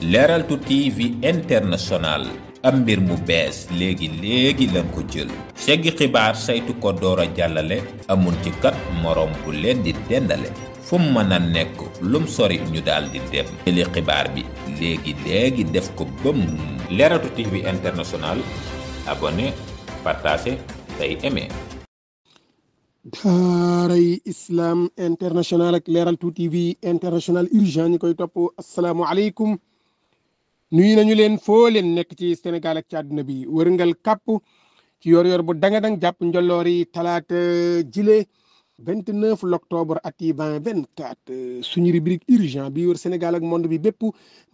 leral tu tv international am bir mu bes legui legui lan ko jël seggi xibar saytu ko dora jàllale amun ci kat morom bu len di dendale fum manan nek lum sori ñu dal di dem jëli xibar bi legui legui def ko leral tu tv international abonné partagé tay aimé daaray islam international ak leeral 2 tv international urgent ñi koy topp asalaamualeykum nuyu nañu leen foo leen nekk ci Sénégal ak ci àdduna bi wërngal kàpp ci yor-yor bu danga-dang jàpp njolloori talaata jile 29 octobre at yi 2024 suñu rubrique urgent bi wër Sénégal ak mond bi bépp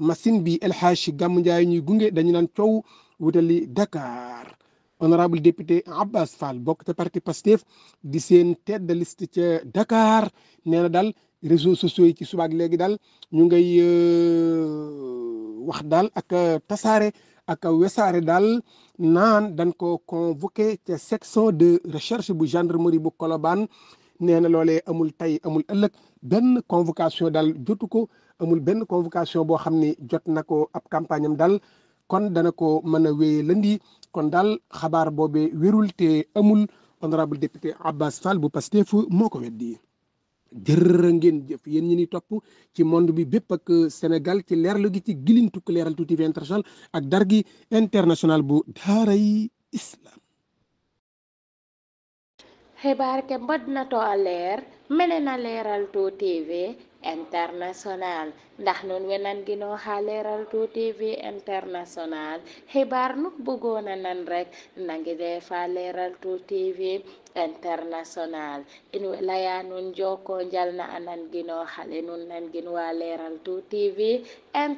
machine bi El Hadji Gamou Ndiaye ñuy gunge dañu naan cow wutali Dakar honorable député Abbas Fall bokk te parti Pastef di seen tête de liste ca Dakar nee na daal réseaux sociaux yi ci subaak léegi daal ñu ngay euh, wax daal ak euh, tasaare ak wesaare daal naan dañ ko convoqué ca section de recherche bu genre gendarmerie bu Colobane nee na loolee amul tey amul ëllëg benn convocation daal jotu ko amul benn convocation boo xam ni jot na ko ab campagne am daal kon dana ko mën a wéyee lëndi kon daal xabaar boobe wérul te amul honorable député Abbas Fall bu Pastef moo ko weddi jërë ngeen jëf yéen ñi ni topp ci mond bi bépp ak euh, Sénégal ci leerlu gi ci gilintuk leeral tuuti bi international ak dar gi international bu daaray islam xibaar ke mbodnato a leer menena leeral to tv international ndax nun wenan gino xa leeral to tv international xibaar nu bëggoona nan rek nangi defa leeral to tv international in way leya nun joko njal na a nan nun nan wa leeral to tv